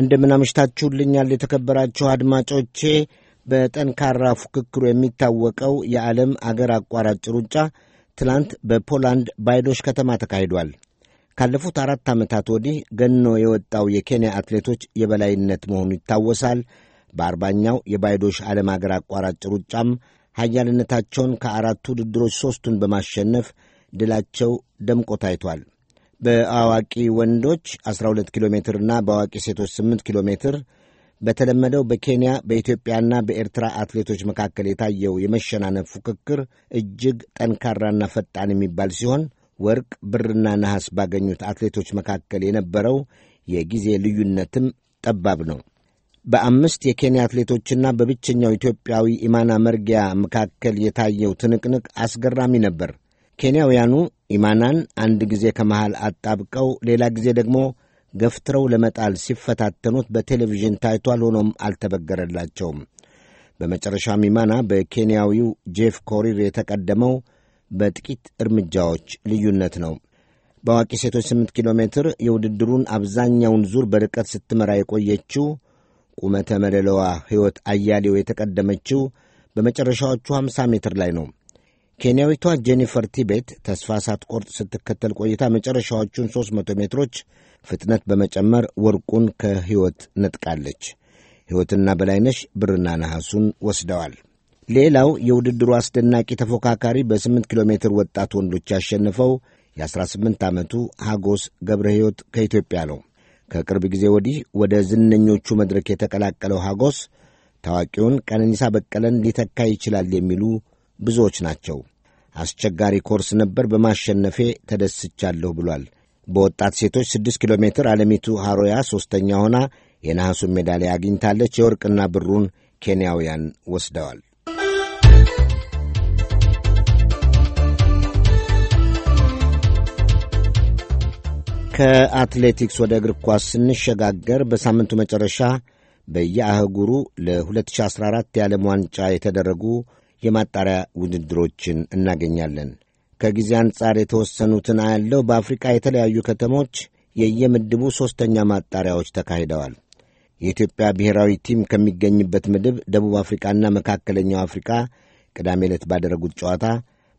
እንደምናምሽታችሁልኛል የተከበራችሁ አድማጮቼ። በጠንካራ ፉክክሩ የሚታወቀው የዓለም አገር አቋራጭ ሩጫ ትላንት በፖላንድ ባይዶሽ ከተማ ተካሂዷል። ካለፉት አራት ዓመታት ወዲህ ገኖ የወጣው የኬንያ አትሌቶች የበላይነት መሆኑ ይታወሳል። በአርባኛው የባይዶሽ ዓለም አገር አቋራጭ ሩጫም ኃያልነታቸውን ከአራቱ ውድድሮች ሦስቱን በማሸነፍ ድላቸው ደምቆ ታይቷል። በአዋቂ ወንዶች 12 ኪሎ ሜትርና በአዋቂ ሴቶች 8 ኪሎ ሜትር በተለመደው በኬንያ በኢትዮጵያና በኤርትራ አትሌቶች መካከል የታየው የመሸናነፍ ፉክክር እጅግ ጠንካራና ፈጣን የሚባል ሲሆን ወርቅ፣ ብርና ነሐስ ባገኙት አትሌቶች መካከል የነበረው የጊዜ ልዩነትም ጠባብ ነው። በአምስት የኬንያ አትሌቶችና በብቸኛው ኢትዮጵያዊ ኢማና መርጊያ መካከል የታየው ትንቅንቅ አስገራሚ ነበር። ኬንያውያኑ ኢማናን አንድ ጊዜ ከመሃል አጣብቀው ሌላ ጊዜ ደግሞ ገፍትረው ለመጣል ሲፈታተኑት በቴሌቪዥን ታይቷል። ሆኖም አልተበገረላቸውም። በመጨረሻም ኢማና በኬንያዊው ጄፍ ኮሪር የተቀደመው በጥቂት እርምጃዎች ልዩነት ነው። በአዋቂ ሴቶች 8 ኪሎ ሜትር የውድድሩን አብዛኛውን ዙር በርቀት ስትመራ የቆየችው ቁመተ መለለዋ ሕይወት አያሌው የተቀደመችው በመጨረሻዎቹ 50 ሜትር ላይ ነው። ኬንያዊቷ ጄኒፈር ቲቤት ተስፋ ሳትቆርጥ ስትከተል ቆይታ መጨረሻዎቹን 300 ሜትሮች ፍጥነት በመጨመር ወርቁን ከሕይወት ነጥቃለች። ሕይወትና በላይነሽ ብርና ነሐሱን ወስደዋል። ሌላው የውድድሩ አስደናቂ ተፎካካሪ በ8 ኪሎ ሜትር ወጣት ወንዶች ያሸነፈው የ18 ዓመቱ ሐጎስ ገብረ ሕይወት ከኢትዮጵያ ነው። ከቅርብ ጊዜ ወዲህ ወደ ዝነኞቹ መድረክ የተቀላቀለው ሐጎስ ታዋቂውን ቀነኒሳ በቀለን ሊተካ ይችላል የሚሉ ብዙዎች ናቸው። አስቸጋሪ ኮርስ ነበር፣ በማሸነፌ ተደስቻለሁ ብሏል። በወጣት ሴቶች ስድስት ኪሎ ሜትር አለሚቱ ሐሮያ ሦስተኛ ሆና የነሐሱን ሜዳሊያ አግኝታለች። የወርቅና ብሩን ኬንያውያን ወስደዋል። ከአትሌቲክስ ወደ እግር ኳስ ስንሸጋገር በሳምንቱ መጨረሻ በየአህጉሩ ለ2014 የዓለም ዋንጫ የተደረጉ የማጣሪያ ውድድሮችን እናገኛለን። ከጊዜ አንጻር የተወሰኑትን አያለው። በአፍሪቃ የተለያዩ ከተሞች የየምድቡ ሦስተኛ ማጣሪያዎች ተካሂደዋል። የኢትዮጵያ ብሔራዊ ቲም ከሚገኝበት ምድብ ደቡብ አፍሪቃና መካከለኛው አፍሪቃ ቅዳሜ ዕለት ባደረጉት ጨዋታ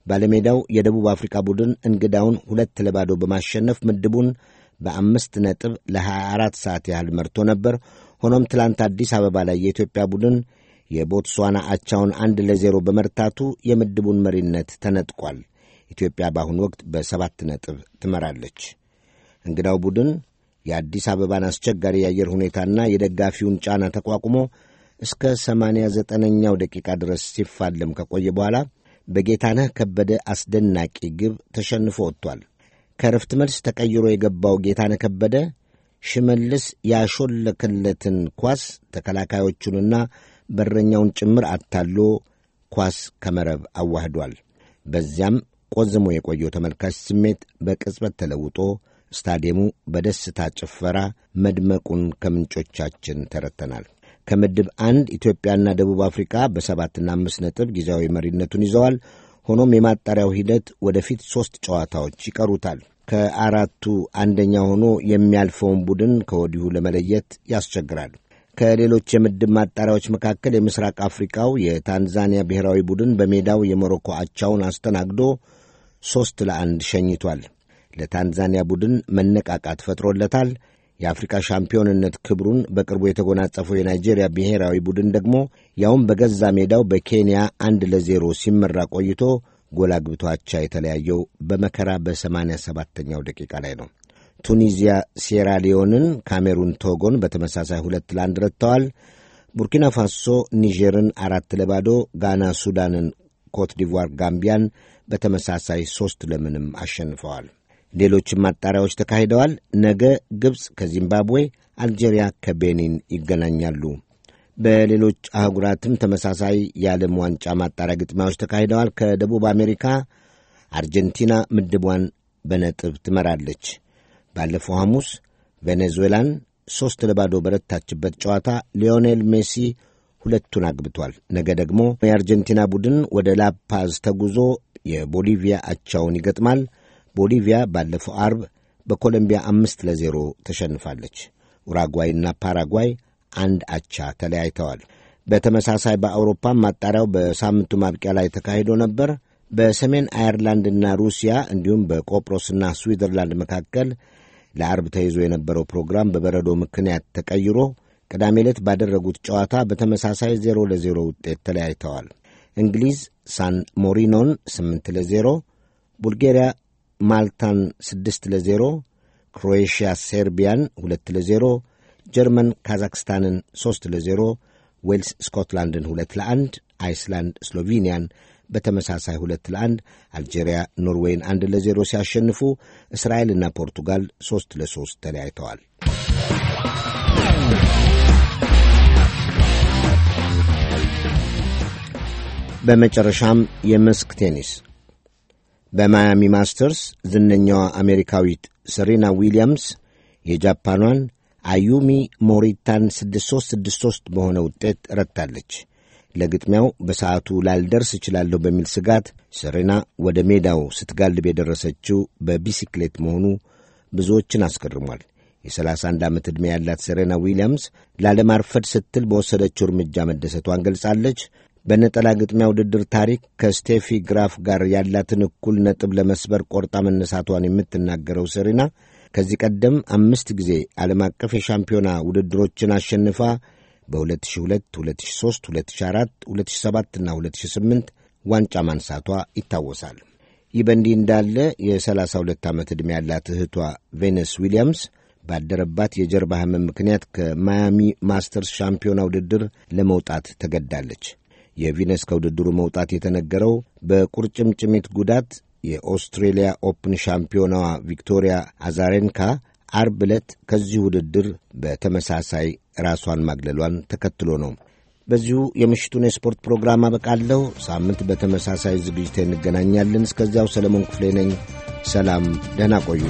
ባለሜዳው የደቡብ አፍሪካ ቡድን እንግዳውን ሁለት ለባዶ በማሸነፍ ምድቡን በአምስት ነጥብ ለ24 ሰዓት ያህል መርቶ ነበር። ሆኖም ትላንት አዲስ አበባ ላይ የኢትዮጵያ ቡድን የቦትስዋና አቻውን አንድ ለዜሮ በመርታቱ የምድቡን መሪነት ተነጥቋል። ኢትዮጵያ በአሁኑ ወቅት በሰባት ነጥብ ትመራለች። እንግዳው ቡድን የአዲስ አበባን አስቸጋሪ የአየር ሁኔታና የደጋፊውን ጫና ተቋቁሞ እስከ ሰማንያ ዘጠነኛው ደቂቃ ድረስ ሲፋለም ከቆየ በኋላ በጌታነህ ከበደ አስደናቂ ግብ ተሸንፎ ወጥቷል። ከረፍት መልስ ተቀይሮ የገባው ጌታነህ ከበደ ሽመልስ ያሾለከለትን ኳስ ተከላካዮቹንና በረኛውን ጭምር አታሎ ኳስ ከመረብ አዋህዷል። በዚያም ቆዝሞ የቆየው ተመልካች ስሜት በቅጽበት ተለውጦ ስታዲየሙ በደስታ ጭፈራ መድመቁን ከምንጮቻችን ተረተናል። ከምድብ አንድ ኢትዮጵያና ደቡብ አፍሪካ በሰባትና አምስት ነጥብ ጊዜያዊ መሪነቱን ይዘዋል። ሆኖም የማጣሪያው ሂደት ወደፊት ሦስት ጨዋታዎች ይቀሩታል። ከአራቱ አንደኛ ሆኖ የሚያልፈውን ቡድን ከወዲሁ ለመለየት ያስቸግራል። ከሌሎች የምድብ ማጣሪያዎች መካከል የምስራቅ አፍሪካው የታንዛኒያ ብሔራዊ ቡድን በሜዳው የሞሮኮ አቻውን አስተናግዶ ሦስት ለአንድ ሸኝቷል። ለታንዛኒያ ቡድን መነቃቃት ፈጥሮለታል። የአፍሪካ ሻምፒዮንነት ክብሩን በቅርቡ የተጎናጸፈው የናይጄሪያ ብሔራዊ ቡድን ደግሞ ያውም በገዛ ሜዳው በኬንያ አንድ ለዜሮ ሲመራ ቆይቶ ጎል አግብቶ አቻ የተለያየው በመከራ በሰማንያ ሰባተኛው ደቂቃ ላይ ነው። ቱኒዚያ ሴራሊዮንን፣ ካሜሩን ቶጎን በተመሳሳይ ሁለት ለአንድ ረትተዋል። ቡርኪና ፋሶ ኒጀርን አራት ለባዶ፣ ጋና ሱዳንን፣ ኮት ጋምቢያን በተመሳሳይ ሦስት ለምንም አሸንፈዋል። ሌሎችም ማጣሪያዎች ተካሂደዋል። ነገ ግብፅ ከዚምባብዌ፣ አልጄሪያ ከቤኒን ይገናኛሉ። በሌሎች አህጉራትም ተመሳሳይ የዓለም ዋንጫ ማጣሪያ ግጥሚያዎች ተካሂደዋል። ከደቡብ አሜሪካ አርጀንቲና ምድቧን በነጥብ ትመራለች። ባለፈው ሐሙስ ቬኔዙዌላን ሦስት ለባዶ በረታችበት ጨዋታ ሊዮኔል ሜሲ ሁለቱን አግብቷል። ነገ ደግሞ የአርጀንቲና ቡድን ወደ ላፓዝ ተጉዞ የቦሊቪያ አቻውን ይገጥማል። ቦሊቪያ ባለፈው አርብ በኮሎምቢያ አምስት ለዜሮ ተሸንፋለች። ኡራጓይና ፓራጓይ አንድ አቻ ተለያይተዋል። በተመሳሳይ በአውሮፓ ማጣሪያው በሳምንቱ ማብቂያ ላይ ተካሂዶ ነበር። በሰሜን አየርላንድና ሩሲያ እንዲሁም በቆጵሮስና ስዊዘርላንድ መካከል ለአርብ ተይዞ የነበረው ፕሮግራም በበረዶ ምክንያት ተቀይሮ ቅዳሜ ዕለት ባደረጉት ጨዋታ በተመሳሳይ ዜሮ ለዜሮ ውጤት ተለያይተዋል። እንግሊዝ ሳን ሞሪኖን 8 ለዜሮ፣ ቡልጌሪያ ማልታን 6 ለዜሮ፣ ክሮኤሽያ ሴርቢያን 2 ለዜሮ፣ ጀርመን ካዛክስታንን 3 ለዜሮ፣ ዌልስ ስኮትላንድን 2 ለአንድ፣ አይስላንድ ስሎቬኒያን በተመሳሳይ ሁለት ለአንድ አልጄሪያ ኖርዌይን አንድ ለዜሮ ሲያሸንፉ እስራኤልና ፖርቱጋል ሦስት ለሦስት ተለያይተዋል። በመጨረሻም የመስክ ቴኒስ በማያሚ ማስተርስ ዝነኛዋ አሜሪካዊት ሰሪና ዊሊያምስ የጃፓኗን አዩሚ ሞሪታን 6363 በሆነ ውጤት ረታለች። ለግጥሚያው በሰዓቱ ላልደርስ እችላለሁ በሚል ስጋት ሰሬና ወደ ሜዳው ስትጋልብ የደረሰችው በቢሲክሌት መሆኑ ብዙዎችን አስገርሟል። የ31 ዓመት ዕድሜ ያላት ሰሬና ዊሊያምስ ላለማርፈድ ስትል በወሰደችው እርምጃ መደሰቷን ገልጻለች። በነጠላ ግጥሚያ ውድድር ታሪክ ከስቴፊ ግራፍ ጋር ያላትን እኩል ነጥብ ለመስበር ቆርጣ መነሳቷን የምትናገረው ሰሪና ከዚህ ቀደም አምስት ጊዜ ዓለም አቀፍ የሻምፒዮና ውድድሮችን አሸንፋ በ2002፣ 2003፣ 2004፣ 2007 እና 2008 ዋንጫ ማንሳቷ ይታወሳል። ይህ በእንዲህ እንዳለ የ32 ዓመት ዕድሜ ያላት እህቷ ቬነስ ዊሊያምስ ባደረባት የጀርባ ህመም ምክንያት ከማያሚ ማስተርስ ሻምፒዮና ውድድር ለመውጣት ተገድዳለች። የቪነስ ከውድድሩ መውጣት የተነገረው በቁርጭምጭሚት ጉዳት የኦስትሬሊያ ኦፕን ሻምፒዮናዋ ቪክቶሪያ አዛሬንካ አርብ ዕለት ከዚህ ውድድር በተመሳሳይ ራሷን ማግለሏን ተከትሎ ነው። በዚሁ የምሽቱን የስፖርት ፕሮግራም አበቃለሁ። ሳምንት በተመሳሳይ ዝግጅት እንገናኛለን። እስከዚያው ሰለሞን ክፍሌ ነኝ። ሰላም፣ ደህና ቆዩ።